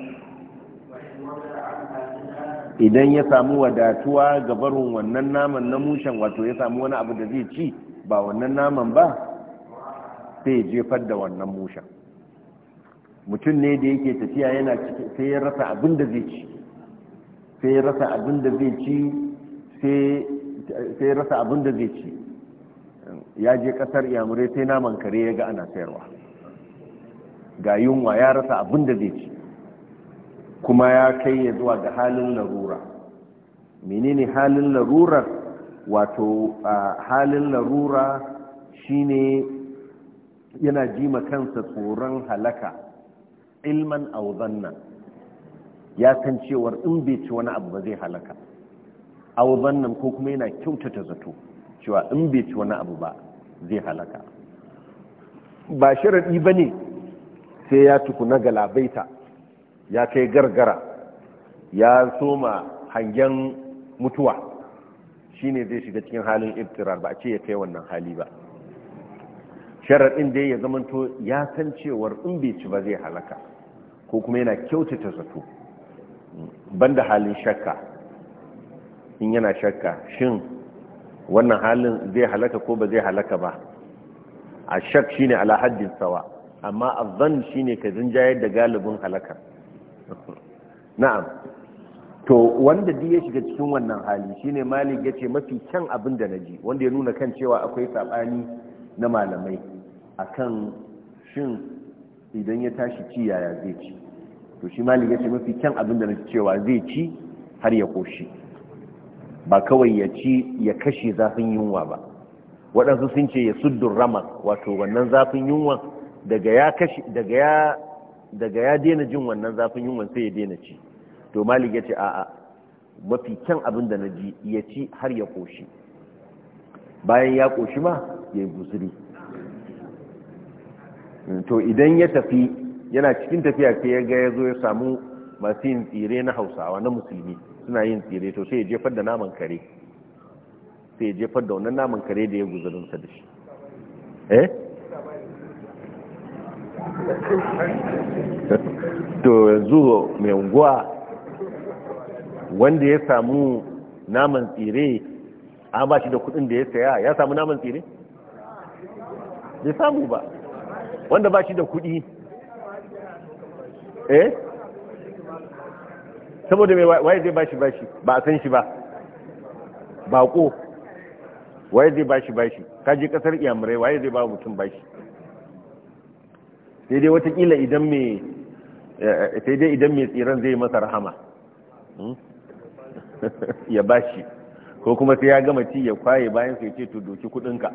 idan ya samu wadatuwa ga barin wannan naman na mushen wato ya samu wani abu da zai ci ba wannan naman ba sai ya jefar da wannan mushen mutum ne da yake tafiya yana sai ya rasa abin da zai ci sai ya rasa abin da zai ci sai ya rasa abin da zai ci ya je kasar yamurai sai naman kare ya ga ana sayarwa ga yunwa ya rasa abin da zai ci kuma ya kai ya zuwa ga halin larura menene halin larurar wato halin larura shine yana jima kansa tsoron halaka ilman auzanna ya san cewar in bai ci wani abu ba zai halaka auzannan ko kuma yana kyautata zato cewa in bai ci wani abu ba zai halaka ba sharaɗi ba sai ya tuku na galabaita ya kai gargara ya soma hangen mutuwa shine zai shiga cikin halin iftirar ba a ce ya kai wannan hali ba sharaɗin da ya zamanto ya san cewar in bai ci ba zai halaka ko kuma yana kyautata zato banda halin shakka in yana shakka shin wannan halin zai halaka ko ba zai halaka ba a shak shine ala haddin sawa amma shi ne ka jayar da galibin halaka na'am to wanda duk ya shiga cikin wannan hali shine malik yace mafi kyan abin da na ji wanda ya nuna kan cewa akwai saɓani na malamai a kan shin idan ya tashi ci yaya zai ci to shi malik yace mafi kyan abin da na ci cewa zai ci har ya koshi ba kawai ya ci ya kashe zafin yunwa ba waɗansu sun ce ya suddun ramar wato wannan zafin yunwa daga ya kashi daga ya daga ya daina jin wannan zafin yunwan sai ya daina ci to malik ya ce a'a mafi kyan abin da na ji ya ci har ya koshi bayan ya koshi ma ya yi to idan ya tafi yana cikin tafiya sai ya ga ya zo ya samu masu yin tsire na hausawa na musulmi suna yin tsire to sai ya jefar da naman kare sai ya jefar da wannan naman kare da ya guzurinsa da shi eh to yanzu mai unguwa wanda ya samu naman tsire an ba shi da kudin da ya saya ya samu naman tsire? bai samu ba wanda ba shi da kudi eh saboda mai waye zai bashi bashi ba a san shi ba bako waye zai bashi bashi kaji kasar iyamurai waye zai ba mutum bashi sai dai watakila idan mai eh, sai dai idan mai tsiran zai masa rahama hmm? <laughs> ya bashi ko kuma sai ya gama ci ya kwaye bayan sai ce to doki kudinka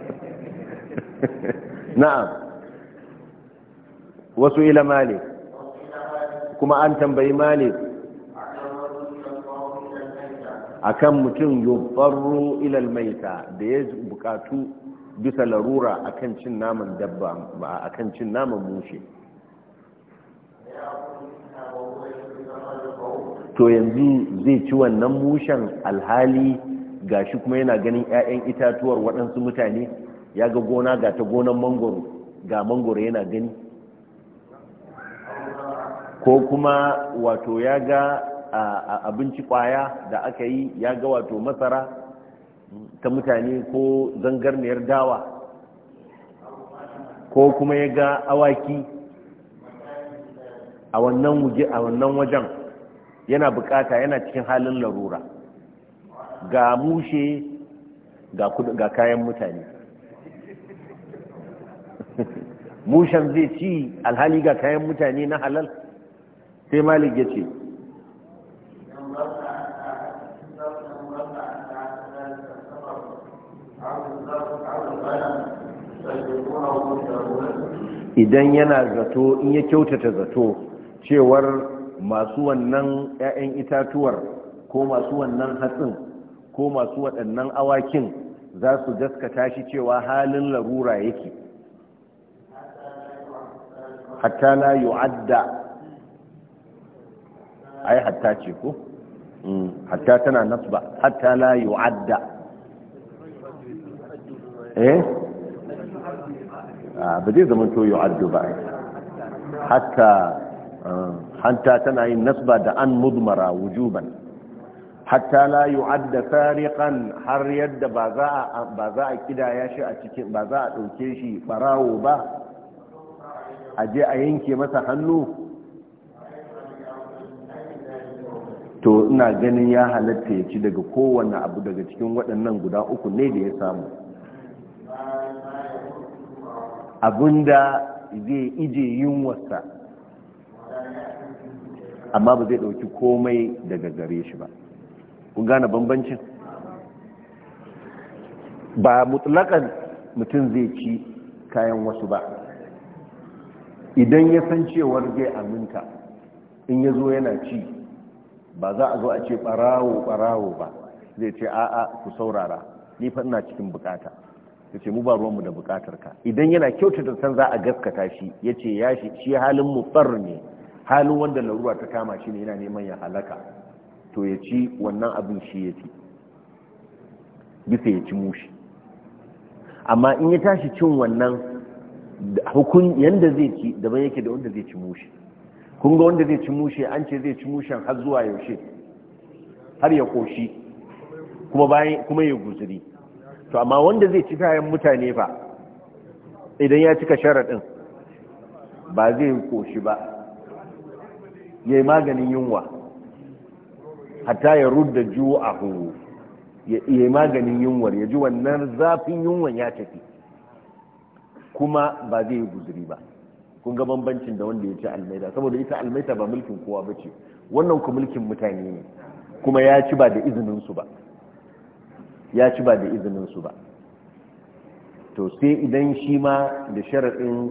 <laughs> na'am wasu ila male kuma an tambayi malik akan mutum yubbarru ilal maita da ya bukatu bisa larura akan cin naman dabba akan cin naman mushe to yanzu zai ci wannan mushen alhali gashi kuma yana ganin ƴaƴan itatuwar waɗansu mutane ya ga gona ga ta gonan mangoro ga mangoro yana gani ko kuma wato ya ga abinci kwaya da aka yi ya ga wato masara ta mutane ko zangarniyar dawa ko kuma ya ga awaki a wannan wajen yana bukata yana cikin halin larura ga mushe ga kayan mutane <laughs> mushen zai ci alhali ga kayan mutane na halal sai malik ya ce idan yana zato in ya kyautata zato cewar masu wannan 'ya'yan itatuwar ko masu wannan hatsin ko masu waɗannan awakin za su gaskata shi cewa halin larura yake hatta la yu'adda ai hatta ce ko mm, hatta tana nasba hatta yi yu'adda eh ah, ba zai zama to yi arjo ba hatta um, hanta tana yin nasba da an mudmara wujuban hatta la yu'adda sariqan har yadda ba za a ba za a kidaya shi a cikin ba za a dauke shi barawo ba a je a yanke masa hannu to ina ganin ya halatta ya ci daga kowanne abu daga cikin waɗannan guda uku ne da ya samu abinda zai ije yin wasa, amma ba zai ɗauki komai daga gare shi ba kun gane bambancin ba mutlakan mutum zai ci kayan wasu ba idan ya san cewar zai aminta in ya zo yana ci ba za a zo a ce ɓarawo ɓarawo ba zai ce a'a ku saurara ni fa cikin bukata ta ce mu ba ruwanmu da bukatar ka idan yana kyautata san za a gaskata shi ya ce ya shi halin mutsar ne halin wanda larura ta kama shi ne yana neman ya halaka to ya ci wannan abin shi ya ci, bisa ya ci mushi amma in ya tashi cin wannan hukun yanda zai ci daban yake da wanda zai ci mushi kun ga wanda zai ci mushi? an ce zai ci mushen har zuwa yaushe har ya koshi kuma ya guzuri to amma wanda zai ci kayan mutane fa idan ya cika sharaɗin ba zai koshi ba ya yi maganin yunwa hatta ya rudda juwa ya yi maganin yunwar ya ji wannan zafin yunwan ya tafi kuma ba zai yi guzuri ba kun ga bambancin da wanda ya ci almaita saboda ita almaita ba mulkin kowa ba ce wannan ku mulkin mutane ne kuma ya ci ba da izininsu ba ya ci ba da izinin su ba to sai idan shi ma da sharaɗin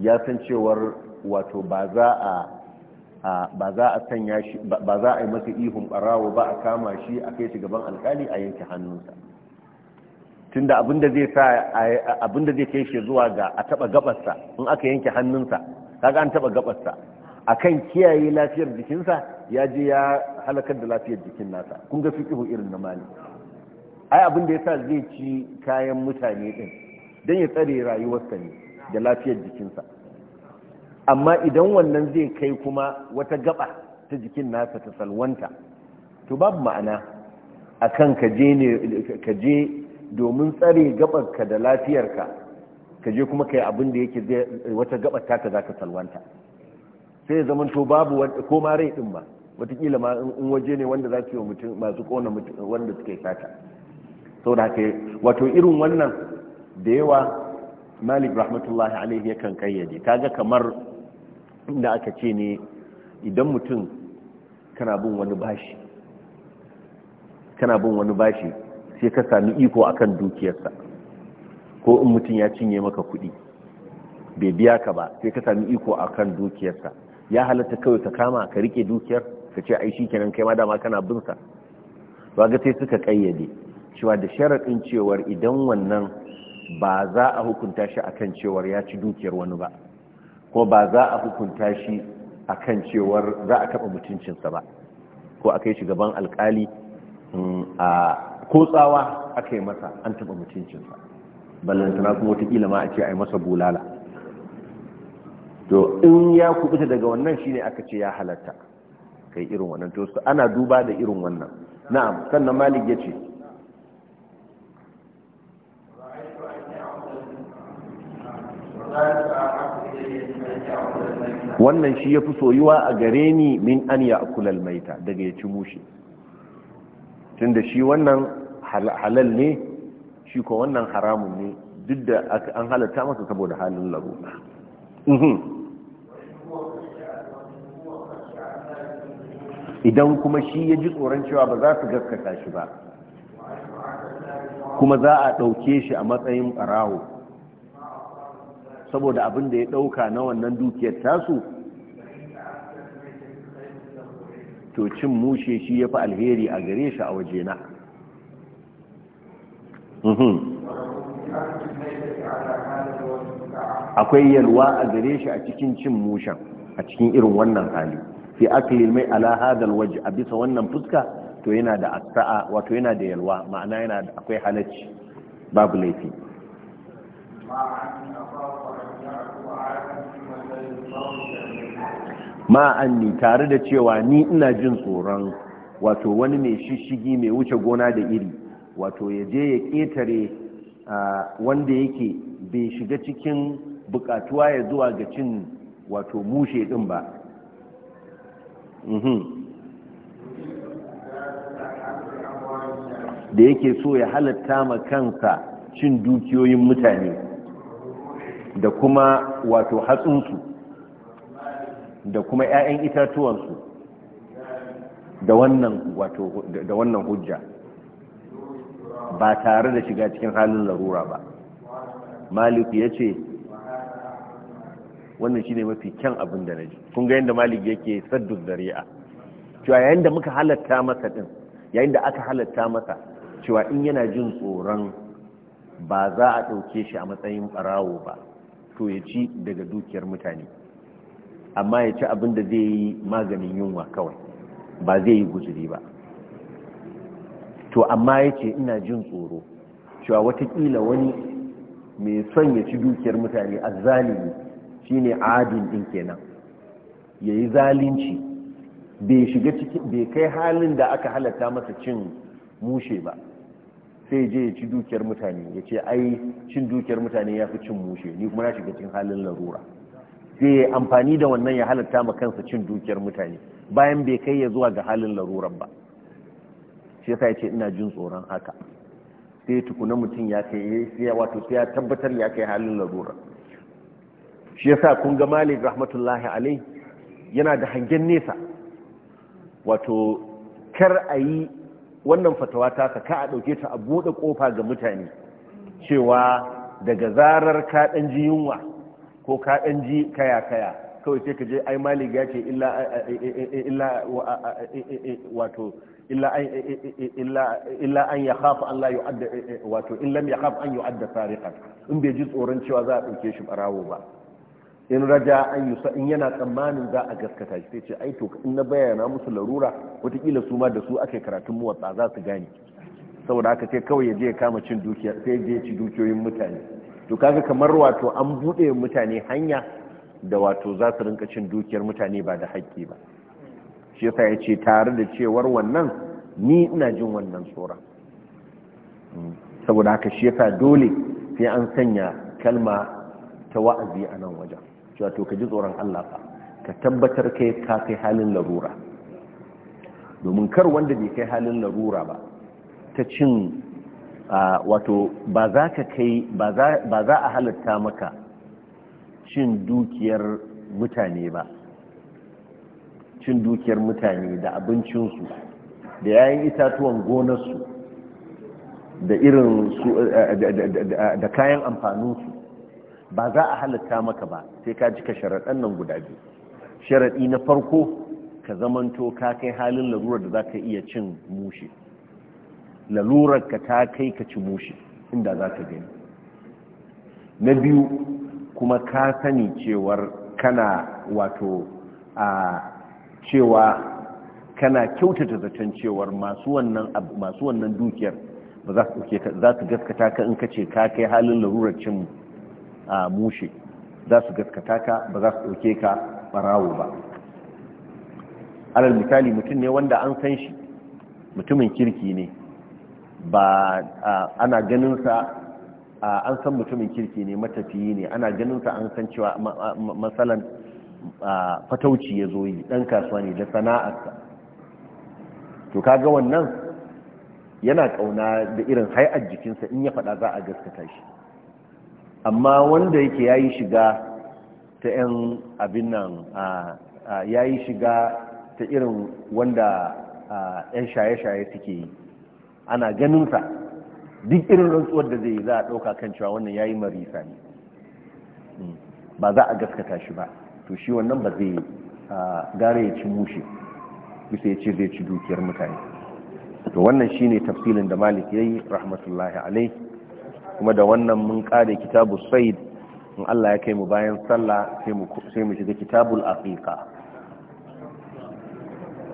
ya san cewar wato ba za a sanya shi ba za a yi masa ihun barawo ba a kama shi a kai shi gaban alkali a yanke hannunsa tunda da zai zai kai shi zuwa ga a taɓa gabarsa in aka yanke hannunsa kaga an taba a kan kiyaye lafiyar jikinsa ya je ya halakar da lafiyar jikin nasa kun ga fiqhu irin na mali ai abin da yasa zai ci kayan mutane din don ya tsare rayuwarsa ne da lafiyar jikinsa amma idan wannan zai kai kuma wata gaba ta jikin nasa ta salwanta to babu ma'ana akan ka je ne ka je domin tsare gabarka da lafiyarka ka je kuma kai abin da yake wata gabar taka zaka salwanta sai zaman to babu ko ma rai din ba watakila ma in waje ne wanda za su yi mutum masu kona wanda yi sata da haka wato irin wannan da yawa malik rahmatullahi alaihi yakan kayyade kaga kamar inda aka ce ne idan mutum kana bin wani bashi kana bin wani bashi sai ka sami iko akan dukiyarsa ko in mutum ya cinye maka kudi bai biya ka ba sai ka sami iko akan dukiyarsa ya halatta kawai ka kama ka rike dukiyar ka ce aishi kenan kai ma dama kana bin sa ba ga sai suka kayyade cewa da sharaɗin cewar idan wannan ba za a hukunta shi a kan cewar ya ci dukiyar wani ba ko ba za a hukunta shi a kan cewar za a taɓa mutuncinsa ba ko a kai shi gaban alkali mm, a kotsawa aka yi masa an taɓa mutuncinsa ballantana kuma watakila ma a ce a yi masa bulala to in ya kubuta daga wannan shi ne aka ce ya halatta kai irin wannan to ana duba da irin wannan na'am sannan malik ya ce wannan shi ya fi soyuwa a gare ni min an ya akulal maita daga ya ci mushi tun da shi wannan halal ne shi ko wannan haramun ne duk da an halatta masa saboda halin larura mhm. idan kuma shi ya ji tsoron cewa ba za su gaskata shi ba kuma za a ɗauke shi a matsayin ɓarawo saboda abin da ya ɗauka na wannan dukiyar tasu to cin mushe shi ya fi alheri a gare shi a na. Mhm. akwai yalwa a gare shi a cikin cin mushen a cikin irin wannan hali fi akilil mai ala waje a bisa wannan fuska to yana da asa'a wato yana da yalwa ma'ana yana akwai halacci babu laifi ma anni tare da cewa ni ina jin tsoron wato wani mai shishigi mai wuce gona da iri wato ya je ya ƙetare wanda yake bai shiga cikin bukatuwa ya zuwa ga cin wato mushe din ba mhm. da yake so ya halatta ma kansa cin dukiyoyin mutane da kuma wato hatsinsu da kuma 'ya'yan itatuwansu da wannan hujja ba tare da shiga cikin halin larura ba malik ya ce wannan ne mafi kyan abin da na ji. kun ga yadda malik yake saddu zari'a cewa yayin da muka halatta masa din yayin da aka halatta masa cewa in yana jin tsoron ba za a ɗauke shi a matsayin ɓarawo ba to ya ci daga dukiyar mutane amma ya ci abin da zai yi maganin yunwa kawai ba zai yi guzuri ba to amma ya ce ina jin tsoro cewa watakila wani mai son ya ci dukiyar mutane a zalimi shi ne adin din kenan ya yi zalinci bai bai kai halin da aka halatta masa cin mushe ba sai je ya ci dukiyar mutane ya ce ai cin dukiyar mutane ya fi cin mushe ni kuma na shiga cikin halin larura zai amfani da wannan ya halatta ma kansa cin dukiyar mutane bayan bai kai ya zuwa ga halin laruran ba shi yasa yace ina jin tsoron haka sai tukuna mutum ya kai ya wato sai ya tabbatar ya kai halin larura shi yasa kun ga Malik rahmatullahi alai yana da hangen nesa wato kar a yi wannan fatawa ta ka a dauke ta a bude kofa ga mutane cewa daga zarar kaɗan ji yunwa ko ka ɗan ji kaya kaya kawai sai ka je ai malik ya ce illa wato illa an ya hafa an layu adda wato in lam an adda in bai ji tsoron cewa za a ɗauke shi barawo ba in raja an yi in yana tsammanin za a gaskata shi sai ce ai to in na bayyana musu larura watakila su ma da su ake karatun muwatsa za su gane saboda haka sai kawai ya je ya kama cin dukiya sai ya je ci dukiyoyin mutane to kaga kamar wato an bude mutane hanya da wato za su rinka cin dukiyar mutane ba da hakki ba shi yasa ya ce tare da cewar wannan ni ina jin wannan tsora mm. saboda haka shi yasa dole sai an sanya kalma ta wa'azi a nan wajen cewa to ka ji tsoron Allah fa ka tabbatar kai ka kai halin larura domin kar wanda bai kai halin larura ba ta cin wato ba za ka kai ba za a halatta maka cin dukiyar mutane ba cin dukiyar mutane da abincinsu da yayin itatuwan gonarsu da irin su da kayan amfaninsu ba za a halatta maka ba sai ka ji ka sharaɗan nan guda biyu sharaɗi na farko ka zamanto ka kai halin larurar da za ka iya cin mushe lalurar ka ta kai ka ci mushi inda za ka gani na biyu kuma ka sani cewar kana wato a cewa kana kyautata zaton cewar masu wannan dukiyar ba za su ka gaskata ka in kace ka kai halin larurar cin mushe za su gaskata ka ba za su dauke ka barawo ba alal misali mutum ne wanda an san shi mutumin kirki ne ba ana ganin sa, an san mutumin kirki ne matafiyi ne ana ganin sa an san cewa matsalan fatauci ya zo yi dan kasuwa ne da sana'arsa to kaga wannan yana ƙauna da irin hai'ar jikinsa in ya faɗa za a gaskata shi amma wanda yake yayi yi shiga ta 'yan abin nan ya shiga ta irin wanda 'yan shaye-shaye suke yi ana ganin sa duk irin rantsuwar da zai yi za a ɗauka kan cewa wannan yayi marisa ne hmm. ba za a gaskata shi ba to shi wannan ba zai gare ya ci mushe bisa ya ce zai ci dukiyar mutane to wannan shine tafsilin da malik yayi rahmatullahi alai kuma da wannan mun kare kitabu said in Allah ya kai mu bayan sallah sai mu shiga kitabul aqiqa